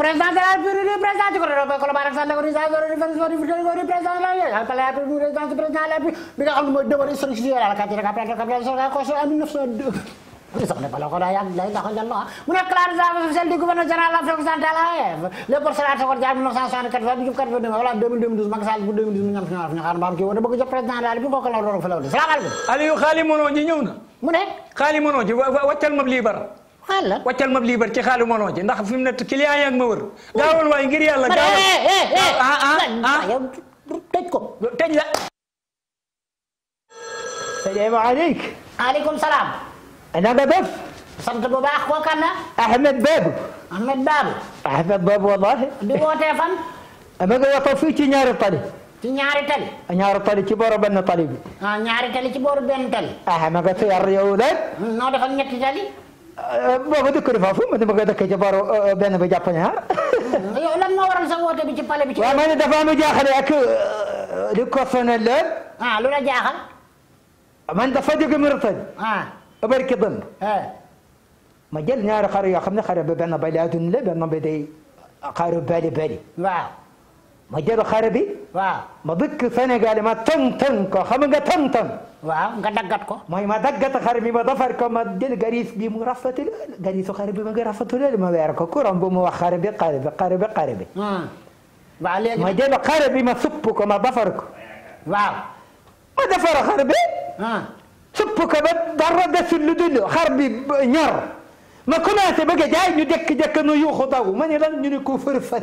président de la République président ci collaboration ak président président la bi nga xam ne mooy demande historique ci la carte de la Constitution en 1902 sax ne bala ko daa yàgg lay taxaw jàll mu nekk clarification officielle du gouverneur général Afrique centrale les porcelaines ko jaar 1964 ba jub 92 wala 2012 Macky Sall bu 2012 ñu am fi ñu xaar mbaam kii wala bëgg jot président daal bi ko ko la doon fa la wala salaamaaleykum Aliou xaali mënoo ñi ñëw na mu ne xaali mënoo ci wàccal ma lii bar walla wàccal ma liibar ci xaalu mënoo ci ndax fi mu ne client yaa ngi ma wër. gaawal waay ngir yàlla eh, eh, eh. gaawal ah ah ah yow tëj ko. tëj la. salaamaaleykum. maaleykum salaam. naka def. sant bu baax kooku kan la. Ahmed Babou. Ahmed Babou. Ahmed Babou wallaahi. di wootee fan. ma ngi wootee fii ci ñaari tali. ci ñaari tali. ñaari tali ci booru benn tali bi. ah ñaari tali ci booru benn tali. ah ma nga fi yar yow de. noo def ak ñetti tali. booba dëkk du faafu ma dama ko dëkk ci benn bi jàpp ñaar. yow lan moo waral sa woote bi ci pale bi. ci waaw man dafa am jaaxale ak li ko sonal leen. ah lu la jaaxal. man dafa jóge Mauritanie. ah barke dënd. ma jël ñaari xar yoo xam ne xar bi benn bay ma jël xare bi. waaw ma dëkk Sénégal ma tëng-tëng ko xam nga tëng-tëng. waaw nga daggat ko. mooy ma daggat xare bi ma defar ko ma jël garis bi mu rafetlu garisu xare bi ma nga rafetlu ma weer ko kuram bu mu wax xare bi xare bi xare bi xare bi. Hmm. waaw léegi ma jël xare bi ma supp ko ma defar ko. waaw. ma defar xare bi. Hmm. supp ko ba dara desul lu dul xar bi ñor. ma commencé bëgg a jaay ñu dëkk dëkk nu yuuxu daw ma ne lan ñu ne ko fër fër.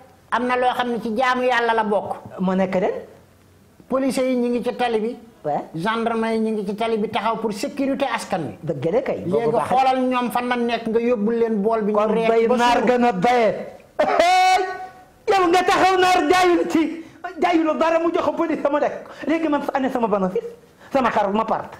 am na loo xam ne ci jaamu yàlla la bokk. moo nekk den policiers yi ñu ngi ci tali bi. waaw yi ñu ngi ci tali bi taxaw pour sécurité askan wi. dëgg la kay. léegi xoolal ñoom fan la nekk nga yóbbul leen bool bi. ñu reer ba kon naar gën a bayee. yow nga taxaw naar jaayul ci jaayuloo bara mu jox ko police sama dëkk léegi man ana sama bénéfice sama xar ma part.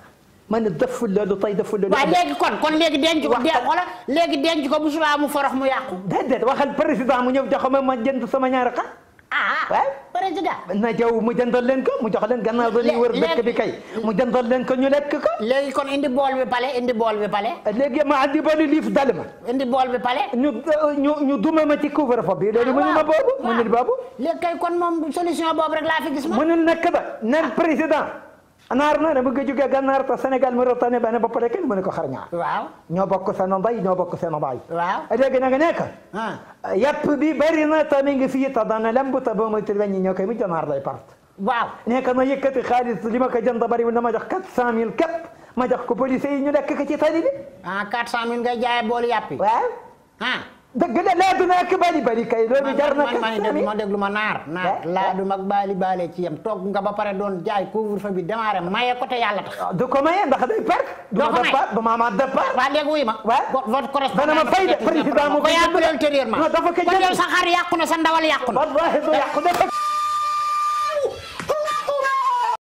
ma ne deful loolu tey deful loolu. waaw léegi kon kon léegi denc ko dee xoolal léegi denc ko bu subaa mu forox mu yàqu. déedéet waxal président mu ñëw jox ma ma jënd sama ñaari xar. ah ah président. na jaww mu jëndal leen ko mu jox leen gannaaw ba ñuy wër dëkk bi kay. mu jëndal leen ko ñu lekk ko. léegi kon indi bool bi pale indi bool bi pale. léegi ma andi ba li liif dal ma. indi bool bi pale. ñu ñu ñu duma ma ci couvre-feu bi. léegi ah, mu ñu ma boobu mu ñu boobu. léegi kay kon moom solution boobu rek laa fi gis. ma mënul nekk ba neen président. naar na ne mu ngi jógee gànnaar te Sénégal mu rotane benn bopp rek kenn mënu ko xar ñaar. waaw ñoo bokk seen mbay ñoo bokk seen a waaw léegi na nga nekk. Ah. yàpp bi bari na te mi ngi fii te dana lemb te naar lay part. waaw nekk na yëkkati xaalis li ma ko jënd bariwul na ma jox quatre cent mille képp ma jox ko ñu lekk ko ci tali bi. ah quatre cent mille ngay jaayee boolu yàpp dëgg la laaduma ak bali bali kay loolu jar na man ma déglu ma naar naar eh? laaduma eh? ak bali bali ci yem toog nga ba pare doon jaay couvre-feu bi démarré maye ko te yàlla tax ah, du ko maye ndax day perte doo ko ma ma départ waaw léegi wuy ma waaw votre correspondant ma fay de président mu ko yàqu ultérieurement dafa ko jël sa xar sa ndawal yàqu na